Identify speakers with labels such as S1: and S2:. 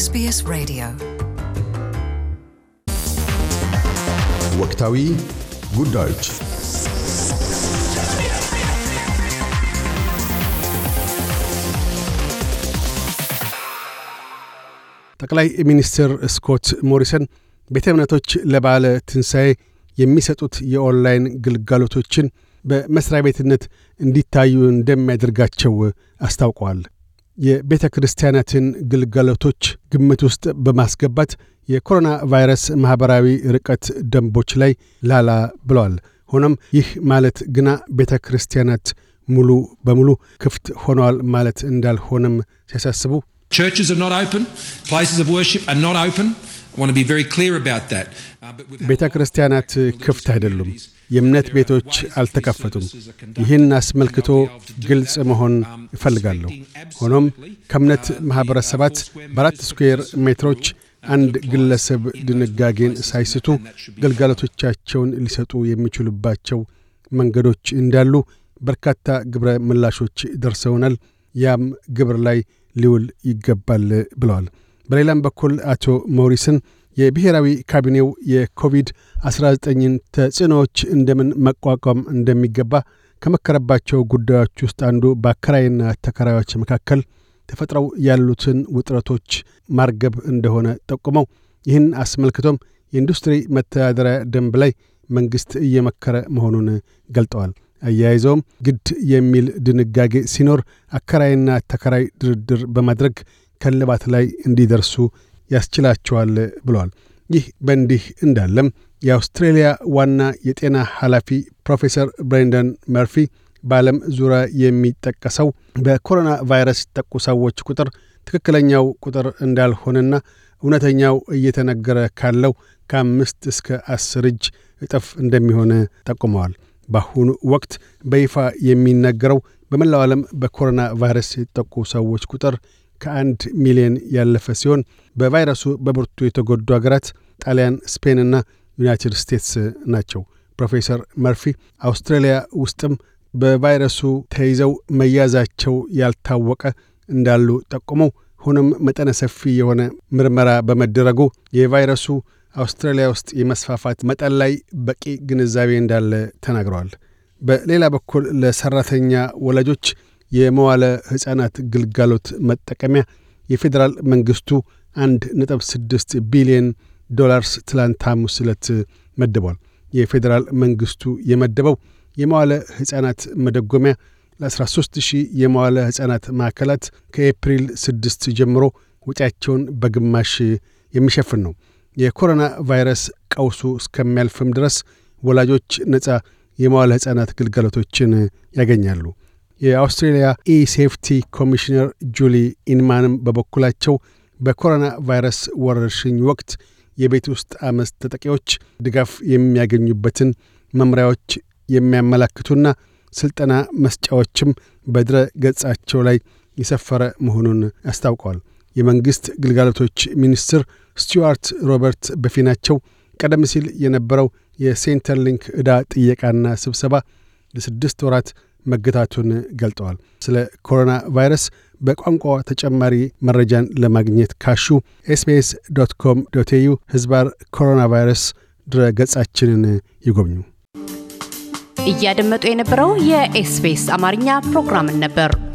S1: ኤስቢኤስ ሬዲዮ
S2: ወቅታዊ ጉዳዮች ጠቅላይ ሚኒስትር ስኮት ሞሪሰን ቤተ እምነቶች ለባለ ትንሣኤ የሚሰጡት የኦንላይን ግልጋሎቶችን በመሥሪያ ቤትነት እንዲታዩ እንደሚያደርጋቸው አስታውቀዋል። የቤተ ክርስቲያናትን ግልጋሎቶች ግምት ውስጥ በማስገባት የኮሮና ቫይረስ ማኅበራዊ ርቀት ደንቦች ላይ ላላ ብለዋል። ሆኖም ይህ ማለት ግና ቤተ ክርስቲያናት ሙሉ በሙሉ ክፍት ሆነዋል ማለት እንዳልሆነም ሲያሳስቡ
S1: Uh, ቤተ
S2: ክርስቲያናት ክፍት አይደሉም። የእምነት ቤቶች አልተከፈቱም። ይህን አስመልክቶ ግልጽ um, መሆን እፈልጋለሁ። ሆኖም uh, ከእምነት ማኅበረሰባት በአራት ስኩዌር ሜትሮች uh, አንድ ግለሰብ ድንጋጌን ሳይስቱ ግልጋሎቶቻቸውን ሊሰጡ የሚችሉባቸው መንገዶች እንዳሉ በርካታ ግብረ ምላሾች ደርሰውናል። ያም ግብር ላይ ሊውል ይገባል ብለዋል። በሌላም በኩል አቶ ሞሪስን የብሔራዊ ካቢኔው የኮቪድ-19ን ተጽዕኖዎች እንደምን መቋቋም እንደሚገባ ከመከረባቸው ጉዳዮች ውስጥ አንዱ በአከራይና ተከራዮች መካከል ተፈጥረው ያሉትን ውጥረቶች ማርገብ እንደሆነ ጠቁመው ይህን አስመልክቶም የኢንዱስትሪ መተዳደሪያ ደንብ ላይ መንግሥት እየመከረ መሆኑን ገልጠዋል። አያይዘውም ግድ የሚል ድንጋጌ ሲኖር አከራይና ተከራይ ድርድር በማድረግ ከልባት ላይ እንዲደርሱ ያስችላቸዋል ብሏል። ይህ በእንዲህ እንዳለም የአውስትሬሊያ ዋና የጤና ኃላፊ ፕሮፌሰር ብሬንደን መርፊ በዓለም ዙሪያ የሚጠቀሰው በኮሮና ቫይረስ ጠቁ ሰዎች ቁጥር ትክክለኛው ቁጥር እንዳልሆነና እውነተኛው እየተነገረ ካለው ከአምስት እስከ አስር እጅ እጥፍ እንደሚሆነ ጠቁመዋል። በአሁኑ ወቅት በይፋ የሚነገረው በመላው ዓለም በኮሮና ቫይረስ የተጠቁ ሰዎች ቁጥር ከአንድ ሚሊዮን ያለፈ ሲሆን በቫይረሱ በብርቱ የተጎዱ አገራት ጣሊያን፣ ስፔንና ዩናይትድ ስቴትስ ናቸው። ፕሮፌሰር መርፊ አውስትራሊያ ውስጥም በቫይረሱ ተይዘው መያዛቸው ያልታወቀ እንዳሉ ጠቁመው ሆኖም መጠነ ሰፊ የሆነ ምርመራ በመደረጉ የቫይረሱ አውስትራሊያ ውስጥ የመስፋፋት መጠን ላይ በቂ ግንዛቤ እንዳለ ተናግረዋል። በሌላ በኩል ለሰራተኛ ወላጆች የመዋለ ሕፃናት ግልጋሎት መጠቀሚያ የፌዴራል መንግሥቱ 1.6 ቢሊዮን ዶላርስ ትላንት ሐሙስ ዕለት መድቧል። የፌዴራል መንግሥቱ የመደበው የመዋለ ሕፃናት መደጎሚያ ለ13 ሺህ የመዋለ ሕፃናት ማዕከላት ከኤፕሪል 6 ጀምሮ ውጪያቸውን በግማሽ የሚሸፍን ነው። የኮሮና ቫይረስ ቀውሱ እስከሚያልፍም ድረስ ወላጆች ነፃ የመዋለ ሕፃናት ግልጋሎቶችን ያገኛሉ። የአውስትሬልያ ኢሴፍቲ ኮሚሽነር ጁሊ ኢንማንም በበኩላቸው በኮሮና ቫይረስ ወረርሽኝ ወቅት የቤት ውስጥ አመስ ተጠቂዎች ድጋፍ የሚያገኙበትን መምሪያዎች የሚያመላክቱና ስልጠና መስጫዎችም በድረ ገጻቸው ላይ የሰፈረ መሆኑን አስታውቀዋል። የመንግሥት ግልጋሎቶች ሚኒስትር ስቲዋርት ሮበርት በፊናቸው ቀደም ሲል የነበረው የሴንተርሊንክ ዕዳ ጥየቃና ስብሰባ ለስድስት ወራት መገታቱን ገልጠዋል። ስለ ኮሮና ቫይረስ በቋንቋ ተጨማሪ መረጃን ለማግኘት ካሹ ኤስቢኤስ ዶት ኮም ዶት ኤዩ ህዝባር ኮሮና ቫይረስ ድረ ገጻችንን ይጎብኙ።
S1: እያደመጡ የነበረው የኤስቢኤስ አማርኛ ፕሮግራምን ነበር።